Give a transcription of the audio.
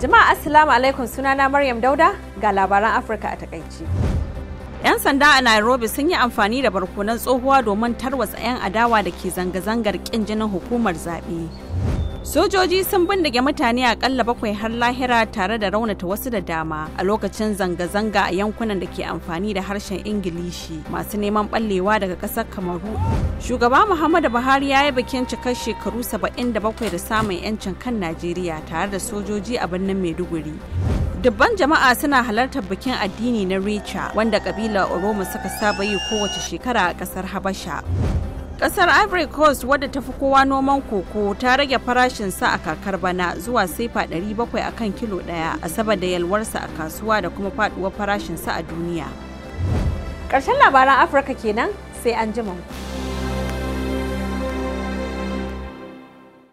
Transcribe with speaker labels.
Speaker 1: Jama'a Assalamu alaikum sunana Maryam Dauda ga labaran Afirka a takaici. 'Yan sanda a Nairobi sun yi amfani da barkonan tsohuwa domin tarwatsa 'yan adawa da ke zanga-zangar kin jinin hukumar zaɓe. Sojoji sun bindige mutane akalla bakwai har lahira tare da raunata wasu da dama a lokacin zanga-zanga a yankunan da ke amfani da harshen Ingilishi masu neman ballewa daga ƙasar Kamaru. Shugaba Muhammadu Buhari ya yi bikin cikar shekaru 77 da samun 'yancin kan Najeriya tare da sojoji a birnin Maiduguri. Dubban jama'a suna halartar bikin addini na Richa wanda kabila Oromo suka saba yi kowace shekara a ƙasar Habasha. Kasar Ivory Coast wadda ta fi kowa noman koko ta rage farashinsa a kakar bana zuwa sefa 700 a kan kilo daya a saboda yalwarsa a kasuwa da kuma faduwar farashinsa a duniya. Ƙarshen labaran Afirka kenan sai an jima.